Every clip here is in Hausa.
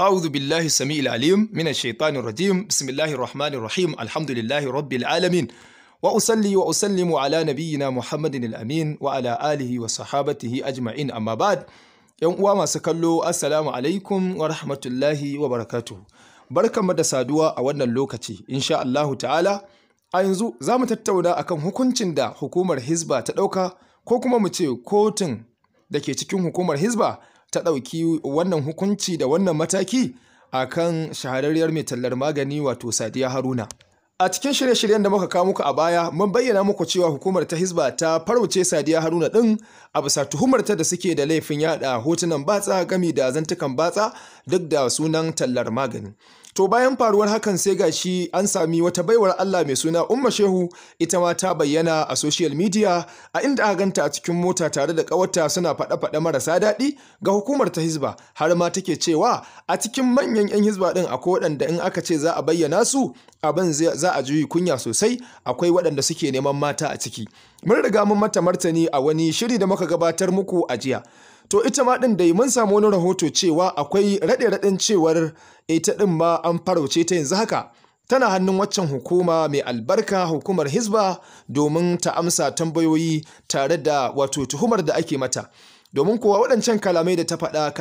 أعوذ بالله السميع العليم من الشيطان الرجيم بسم الله الرحمن الرحيم الحمد لله رب العالمين وأصلي وأسلم على نبينا محمد الأمين وعلى آله وصحابته أجمعين أما بعد ‘Yan uwa masu kallo, Assalamu alaikum wa rahmatullahi wa barakatuhu. Barkanmu da saduwa a wannan lokaci, insha Allahu ta'ala, a yanzu za mu tattauna kan hukuncin da hukumar Hisba ta ɗauka ko kuma mu ce kotun da ke cikin hukumar Hisba? ta ɗauki wannan hukunci da wannan mataki a kan shahararriyar mai tallar magani wato sadiya haruna a cikin shirye-shiryen da muka kawo muku a baya mun bayyana muku cewa hukumar ta hizba ta farauce sadiya haruna ɗin a bisa tuhumarta da suke da laifin yada hotunan batsa gami da zantukan batsa duk da sunan tallar magani To bayan faruwar hakan sai ga shi an sami wata baiwar Allah mai suna Umma Shehu ita ma ta bayyana a social media a inda aka ganta a cikin mota tare da kawarta suna faɗa- faɗa marasa daɗi ga hukumar ta Hizba har ma take cewa a cikin manyan 'yan Hizba din akwai waɗanda in aka ce za a bayyana su abin za a juyi kunya sosai akwai waɗanda suke neman mata a ciki. Mun riga mun mata martani a wani shiri da muka gabatar muku a jiya. To ita ma ɗin dai mun samu wani rahoto cewa akwai raɗe-raɗen cewar ita ɗin ma an farauce ta yanzu haka. Tana hannun waccan hukuma mai albarka hukumar Hisba domin ta amsa tambayoyi tare da wato tuhumar da ake mata. Domin kuwa waɗancan kalamai da ta faɗa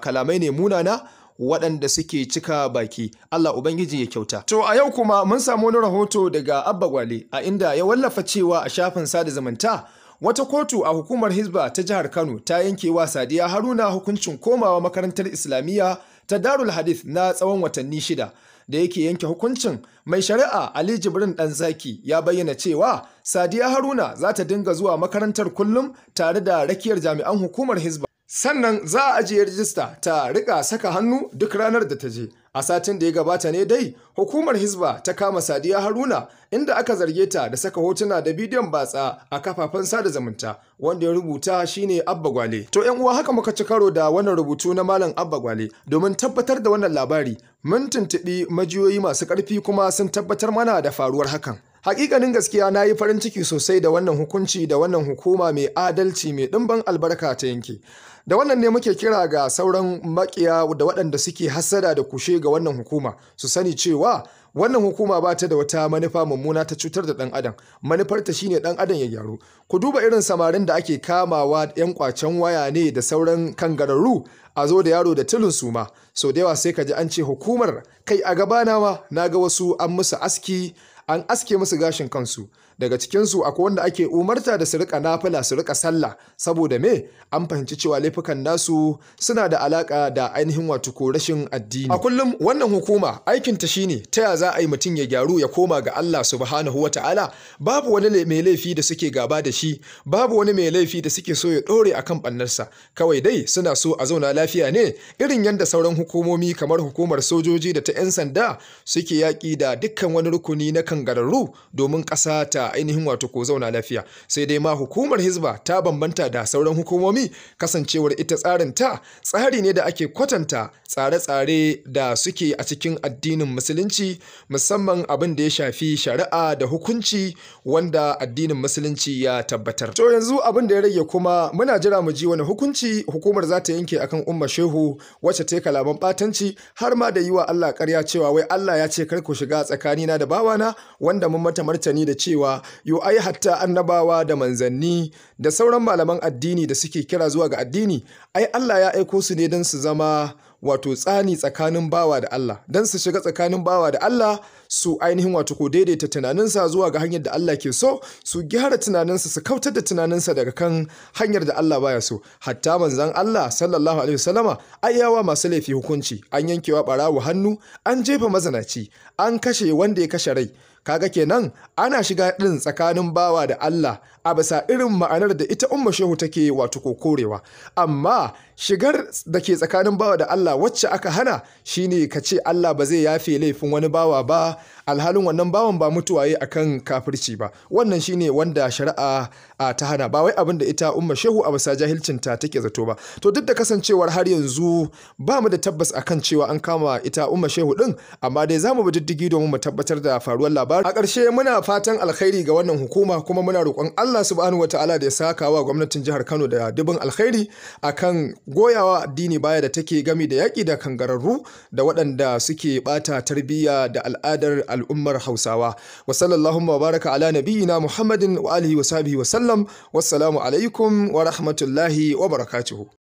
kalamai ne munana waɗanda suke cika baki Allah Ubangiji ya kyauta. To a yau kuma mun samu wani rahoto daga Abba Gwale a inda ya wallafa cewa a shafin sada zumunta Wata kotu a hukumar Hizba ta jihar Kano ta yanke wa Sadiya Haruna hukuncin komawa makarantar Islamiyya ta Darul Hadith na tsawon watanni shida. Da yake yanke hukuncin mai shari'a Ali Jibrin ɗan zaki ya bayyana cewa Sadiya Haruna za ta dinga zuwa makarantar kullum tare da rakiyar jami'an hukumar Hizba. Sannan za a ajiye rijista ta rika saka hannu duk ranar da ta je. a satin da ya gabata ne dai hukumar hizba ta kama sadiya haruna inda aka zarge ta da saka hotuna da bidiyon batsa a kafafen sada zumunta wanda ya rubuta shine abba gwale to yan uwa haka muka ci karo da wannan rubutu na malam abba gwale domin tabbatar da wannan labari mun tuntubi majiyoyi masu ƙarfi kuma sun tabbatar mana da faruwar hakan Hakikanin gaskiya na yi farin ciki sosai da wannan hukunci da wannan hukuma mai adalci mai ɗimban albarka ta yanke. Da wannan ne muke kira ga sauran makiya da waɗanda suke hasada da kushe ga wannan hukuma su sani cewa wannan hukuma ba ta da wata manufa mummuna ta cutar da ɗan adam manufarta shine ɗan adam ya gyaru ku duba irin samarin da ake kamawa yan kwacen waya ne da sauran kangararru a zo da yaro da tilin suma sau da yawa sai ka ji an ce hukumar kai a gabana ma na ga wasu an musu aski an aske musu gashin kansu daga cikinsu akwai wanda ake umarta da su rika nafila su rika sallah saboda me an fahimci cewa laifukan nasu suna da alaka da ainihin wato ko rashin addini a kullum wannan hukuma aikin ta shine taya za a yi mutum ya gyaru ya koma ga Allah subhanahu ta'ala babu wani mai laifi da suke gaba da shi babu wani mai laifi da suke so ya dore akan bannarsa kawai dai suna so a zauna lafiya ne irin yadda sauran hukumomi kamar hukumar sojoji da ta 'yan sanda suke yaƙi da dukkan wani rukuni na kangararru domin ƙasa ta ainihin wato ko zauna lafiya sai dai ma hukumar hizba ta bambanta da sauran hukumomi kasancewar ita tsarin ta tsari ne da ake kwatanta tsare-tsare da suke a cikin addinin musulunci musamman abin da ya shafi shari'a da hukunci wanda addinin musulunci ya tabbatar to yanzu abin da ya rage kuma muna jira mu ji wani hukunci hukumar za ta yanke akan umma shehu wacce ta kalaman batanci har ma da yi wa Allah karya cewa wai Allah ya ce kar ku shiga tsakanina da bawana wanda mun mata martani da cewa yo ai hatta annabawa da manzanni da sauran malaman addini da suke kira zuwa ga addini ai Allah ya aiko su ne don su zama wato tsani tsakanin bawa da Allah don su shiga tsakanin bawa da Allah su ainihin wato ko daidaita tunaninsa zuwa ga hanyar da Allah ke so su gyara tunaninsa su kautar da tunaninsa daga kan hanyar da Allah baya so hatta manzan Allah sallallahu alaihi wasallama ayyawa masu laifi hukunci an yankewa barawo hannu an jefa mazanaci an kashe wanda ya kashe rai kaga kenan ana shiga ɗin tsakanin bawa da Allah a bisa irin ma'anar da ita umma shehu take wato kokorewa amma shigar da ke tsakanin bawa da Allah Allah wacce aka hana shine ka ce Allah ba zai yafe laifin wani bawa ba alhalin wannan bawan ba mutuwaye yi kan kafirci ba wannan shine wanda shari'a ta hana ba wai abin da ita umma shehu a basa jahilcinta ta take zato ba to duk da kasancewar har yanzu ba mu da tabbas akan cewa an kama ita umma shehu din amma dai za mu bi diddigi domin mu tabbatar da faruwar labari a ƙarshe muna fatan alkhairi ga wannan hukuma kuma muna roƙon Allah subhanahu wataala da ya saka wa gwamnatin jihar Kano da dubin alkhairi akan goyawa addini baya da take gami da yaƙi da kangararru da waɗanda suke ɓata tarbiyya da al'adar al'ummar Hausawa wa sallallahu wa baraka ala nabiyina Muhammadin wa alihi wa sahbihi wa sallam wassalamu alaikum wa rahmatullahi wa barakatuhu